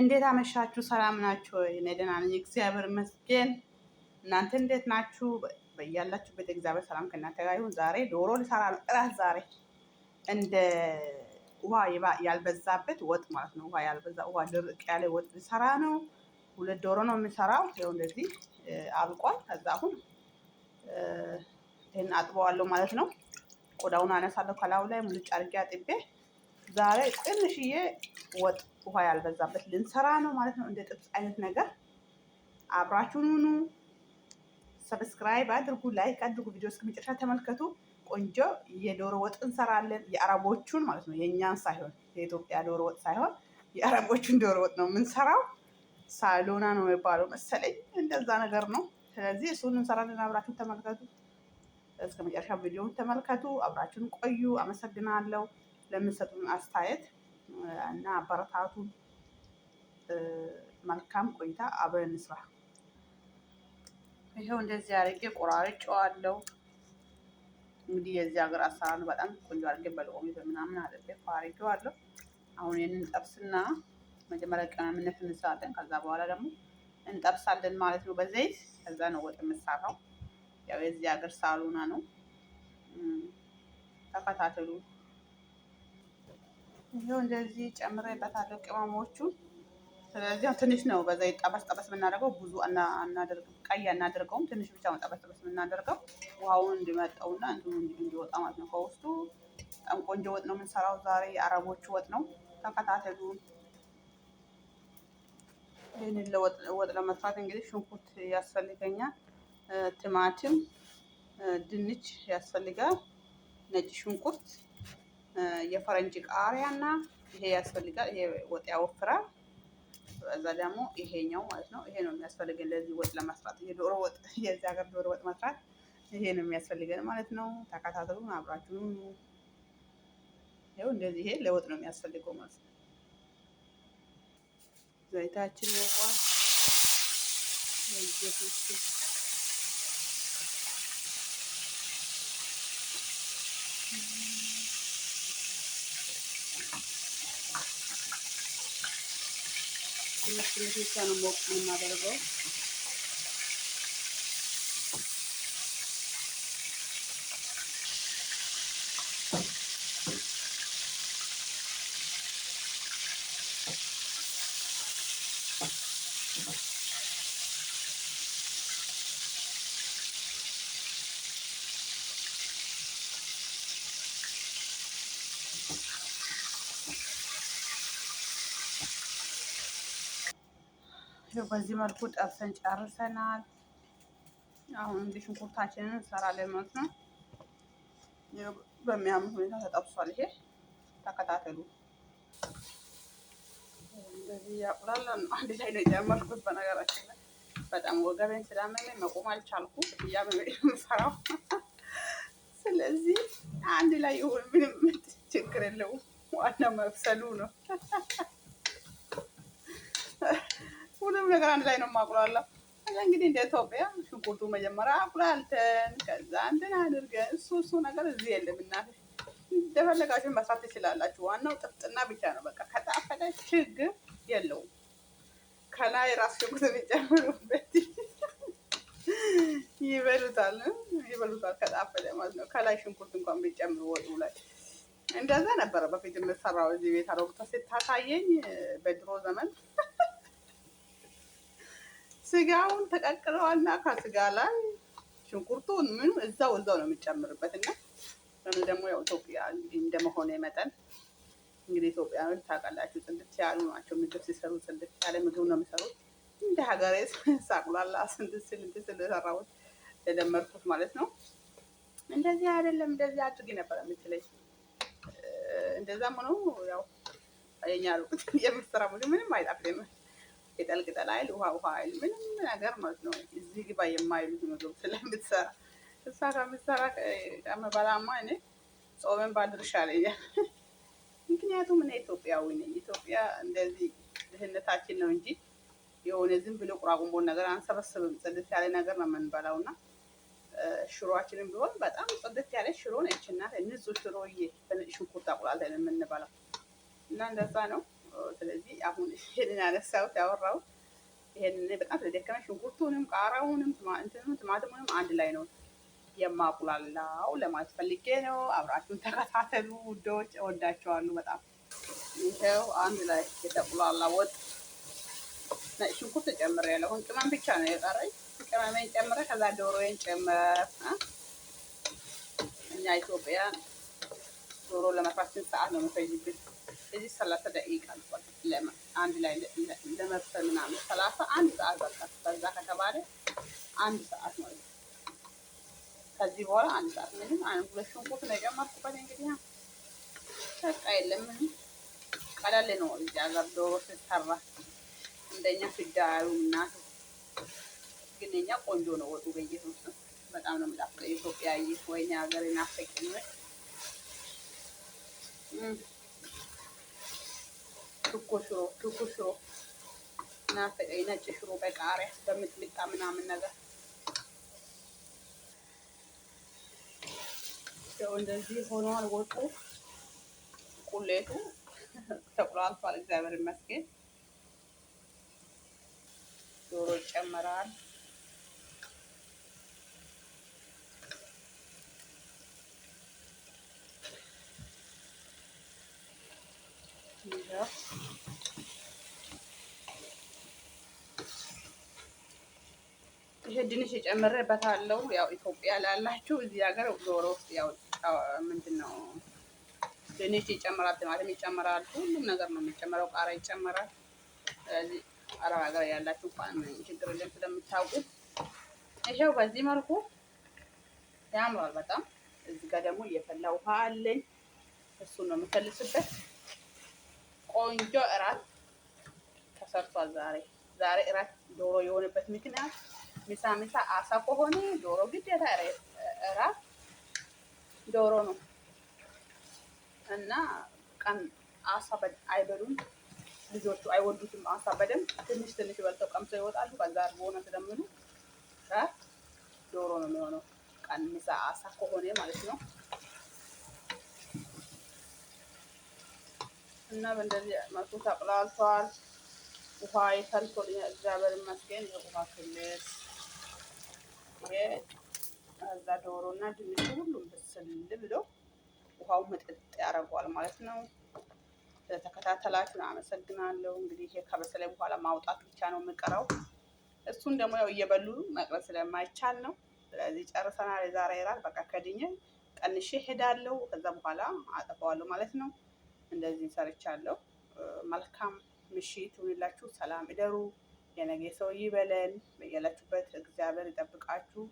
እንዴት አመሻችሁ? ሰላም ናችሁ ወይ? እኔ ደህና ነኝ፣ እግዚአብሔር ይመስገን። እናንተ እንዴት ናችሁ? በያላችሁበት እግዚአብሔር ሰላም ከእናንተ ጋር ይሁን። ዛሬ ዶሮ ልሰራ ነው እራት። ዛሬ እንደ ውሃ ያልበዛበት ወጥ ማለት ነው። ውሃ ያልበዛ ውሃ ድርቅ ያለ ወጥ ልሰራ ነው። ሁለት ዶሮ ነው የምሰራው። ይኸው እንደዚህ አብቋል። ከዛ አሁን ይህን አጥበዋለሁ ማለት ነው። ቆዳውን አነሳለሁ ከላዩ ላይ ሙልጭ አድርጌ አጥቤ ዛሬ ትንሽዬ ወጥ ውሃ ያልበዛበት ልንሰራ ነው ማለት ነው። እንደ ጥብስ አይነት ነገር አብራችሁን ሁኑ። ሰብስክራይብ አድርጉ፣ ላይክ አድርጉ፣ ቪዲዮ እስከ መጨረሻ ተመልከቱ። ቆንጆ የዶሮ ወጥ እንሰራለን። የአረቦቹን ማለት ነው፣ የእኛን ሳይሆን የኢትዮጵያ ዶሮ ወጥ ሳይሆን የአረቦቹን ዶሮ ወጥ ነው የምንሰራው። ሳሎና ነው የሚባለው መሰለኝ፣ እንደዛ ነገር ነው። ስለዚህ እሱን እንሰራለን። አብራችሁን ተመልከቱ፣ እስከ መጨረሻ ቪዲዮውን ተመልከቱ፣ አብራችሁን ቆዩ። አመሰግናለሁ ለምንሰጡን አስተያየት። እና አበረታቱ። መልካም ቆይታ፣ አብረን እንስራ። ይሄው እንደዚህ አድርጌ ቆራርጬዋለሁ። እንግዲህ የዚህ ሀገር አሰራር በጣም ቆንጆ አድርጌ በልቆሚ በምናምን አድርጌ ቆራርጬዋለሁ። አሁን ይህንን ጠብስና መጀመሪያ ቅመምነት እንስራለን። ከዛ በኋላ ደግሞ እንጠብሳለን ማለት ነው በዘይት። ከዛ ነው ወጥ የምሰራው። ያው የዚህ ሀገር ሳሉና ነው። ተከታተሉ። ይሄው እንደዚህ ጨምሬበታለሁ ቅመሞቹ። ስለዚህ ትንሽ ነው በዛ ጠበስ ጠበስ የምናደርገው ብዙ አናደርግም፣ ቀይ አናደርገውም። ትንሽ ብቻ ነው ጠበስ ጠበስ የምናደርገው ውሃውን እንዲመጣውና እንዲወጣ ማለት ነው ከውስጡ። በጣም ቆንጆ ወጥ ነው የምንሰራው ዛሬ፣ የአረቦቹ ወጥ ነው። ተከታተሉ። ይህንን ወጥ ለመስራት እንግዲህ ሽንኩርት ያስፈልገኛል፣ ቲማቲም፣ ድንች ያስፈልጋል፣ ነጭ ሽንኩርት የፈረንጅ ቃሪያ እና ይሄ ያስፈልጋል። ይሄ ወጥ ያወፍራል። እዛ ደግሞ ይሄኛው ማለት ነው። ይሄ ነው የሚያስፈልገን ለዚህ ወጥ ለመስራት፣ የዶሮ ወጥ የዚህ ሀገር ዶሮ ወጥ መስራት ይሄ ነው የሚያስፈልገን ማለት ነው። ተከታተሉን፣ አብራችሁ ይኸው እንደዚህ። ይሄ ለወጥ ነው የሚያስፈልገው ማለት ነው። ዘይታችን ይወቋል። తీసుకుని చూస్తాను మొక్కున్న ይኸው በዚህ መልኩ ጠብሰን ጨርሰናል። አሁን እንግዲህ ሽንኩርታችንን እንሰራለን ማለት ነው። በሚያምር ሁኔታ ተጠብሷል። ይሄ ተከታተሉ። እንደዚህ ያቁላላ ነው። አንድ ላይ ነው የጨመርኩት። በነገራችን ላይ በጣም ወገቤን ስላመመኝ መቆም አልቻልኩ። እያመመኝ ነው የምሰራው። ስለዚህ አንድ ላይ ይሁን፣ ምንም ችግር የለውም። ዋና መብሰሉ ነው። ሁሉም ነገር አንድ ላይ ነው የማቁላለው። ከዛ እንግዲህ እንደ ኢትዮጵያ ሽንኩርቱ መጀመሪያ አቁላልተን ከዛ እንትን አድርገን እሱ እሱ ነገር እዚህ የለም። እናትሽ እንደፈለጋችሁን መስራት ትችላላችሁ። ዋናው ጥፍጥና ብቻ ነው። በቃ ከጣፈጠ ችግር የለውም። ከላይ ራስ ሽንኩርት ቢጨምሩበት ይበሉታል ይበሉታል። ከጣፈጠ ማለት ነው። ከላይ ሽንኩርት እንኳን ቢጨምሩ ወጡ ላይ እንደዛ ነበረ በፊት የምሰራው እዚህ ቤት አሮግታ ስታሳየኝ በድሮ ዘመን ስጋውን ተቀቅለዋልና ከስጋ ላይ ሽንኩርቱን ምኑ እዛው እዛው ነው የምንጨምርበት እና ለምን ደግሞ ያው ኢትዮጵያ እንደመሆነ መጠን እንግዲህ ኢትዮጵያውያን ታውቃላችሁ ጽድት ያሉ ናቸው። ምግብ ሲሰሩ ጽድት ያለ ምግብ ነው የሚሰሩት። እንደ ሀገሬ ሳቁላላ ስንት ስል እንትን ስለሰራሁት ተደመርኩት ማለት ነው። እንደዚህ አይደለም እንደዚህ አድርጊ ነበረ የምትለኝ። እንደዛም ሆኖ ያው የኛ ሩቅ የምትሰራ ምግብ ምንም አይጣፍጥም። ቅጠል ቅጠል አይል ውሃ ውሃ አይል ምንም ነገር ማለት ነው። እዚህ ግባ የማይሉት ምግብ ስለምትሰራ እሳ ከምትሰራ ከምበላማ እኔ ጾምን ባድርሻ ለኛል። ምክንያቱም እኔ ኢትዮጵያዊ ነኝ። ኢትዮጵያ እንደዚህ ድህነታችን ነው እንጂ የሆነ ዝም ብሎ ቁራቁንቦን ነገር አንሰበስብም። ጽድት ያለ ነገር ነው የምንበላው እና ሽሮችንም ቢሆን በጣም ጽድት ያለ ሽሮ ነች። እና ንጹህ ሽሮዬ ሽንኩርት አቁላልተን የምንበላው እና እንደዛ ነው። ስለዚህ አሁን ይሄንን አነሳሁት ያወራሁት ይሄንን በጣም ስለደከመኝ ሽንኩርቱንም ቃሪያውንም እንትኑን ቲማቲሙንም አንድ ላይ ነው የማቁላላው ለማለት ፈልጌ ነው። አብራችሁን ተከታተሉ ውዶች፣ እወዳቸዋለሁ በጣም። ይኸው አንድ ላይ የተቁላላ ወጥ ነጭ ሽንኩርት ጨምሬያለሁ። አሁን ቅመም ብቻ ነው የቀረኝ። ቅመሜን ጨምረ ከዛ ዶሮዬን ጨምረ እኛ ኢትዮጵያን ዶሮ ለመስራት ስንት ሰዓት ነው የሚፈጅብን? እዚህ ሰላሳ ደቂቃ አልፏል። አንድ ላይ ለመብሰል ምናምን ሰላሳ አንድ ሰዓት በቃ በዛ ከተባለ አንድ ሰዓት ነው። ከዚህ በኋላ አንድ ሰዓት ምንም አንድ ሁለት ሽንኩርት ነው የጨመርኩበት። እንግዲህ በቃ የለም ቀለል ነው። እዚህ አገር ዶሮ ስትሰራ እንደኛ ፍዳዩ እናት ግን እኛ ቆንጆ ነው ወጡ በየሱስ በጣም ነው የምጣፍጠው። ኢትዮጵያ ይህ ወይኔ ሀገር ናፈቅ ነው ችኮ ሽሮ ችኮ ሽሮ ናፈቀኝ። ነጭ ሽሮ በቃሪያ በምጥሚጣ ምናምን ነገር ያው እንደዚህ ሆኗል። ወጡ ቁሌቱ ተቁላልቷል። እግዚአብሔር ይመስገን። ዶሮ ይጨመራል። ይሄ ይሄ ድንሽ የጨመረበታለው ያው ኢትዮጵያ ላላችሁ እዚህ ሀገር ዶሮ ውስጥ ያው ምንድን ነው ድንሽ ይጨምራል፣ ቲማቲም ይጨምራል፣ ሁሉም ነገር ነው የሚጨምረው፣ ቃራ ይጨምራል። ስለዚህ አረብ ሀገር ያላችሁ እንኳን ችግር የለም ስለምታውቁት ይኸው በዚህ መልኩ ያምራል በጣም። እዚህ ጋር ደግሞ እየፈላ ውሃ አለኝ፣ እሱን ነው የምፈልስበት። ቆንጆ እራት ተሰርቷል ዛሬ ዛሬ እራት ዶሮ የሆነበት ምክንያት ምሳ ምሳ አሳ ከሆነ ዶሮ ግዴታ እራት ዶሮ ነው እና ቀን አሳ አይበሉም ልጆቹ አይወዱትም። አሳ በደንብ ትንሽ ትንሽ በልተው ቀምሰው ይወጣሉ። ከዛ በሆነ ስለምኑ ዶሮ ነው የሚሆነው። ቀን ምሳ አሳ ከሆነ ማለት ነው። እና በእንደዚህ መልኩ ተቅላልቷል። ውሃ ይፈልቶልኛል። እግዚአብሔር ይመስገን የውሃ ክልል ከዛ ዶሮ እና ድንቹ ሁሉም ብስል ብሎ ውሃው ምጥጥ ያደርገዋል ማለት ነው። ስለተከታተላችሁ አመሰግናለሁ። እንግዲህ ይሄ ከበሰለ በኋላ ማውጣት ብቻ ነው የምቀረው። እሱን ደግሞ ያው እየበሉ መቅረብ ስለማይቻል ነው። ስለዚህ ጨርሰናል። የዛሬ ራት በቃ ከድኜ ቀንሼ ሄዳለሁ። ከዛ በኋላ አጠፋዋለሁ ማለት ነው። እንደዚህ ሰርቻለሁ። መልካም ምሽት ይሁንላችሁ። ሰላም እደሩ። የነገ ሰው ይበለን። በያላችሁበት እግዚአብሔር ይጠብቃችሁ።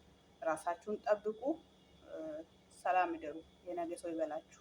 ራሳችሁን ጠብቁ። ሰላም እደሩ። የነገ ሰው ይበላችሁ።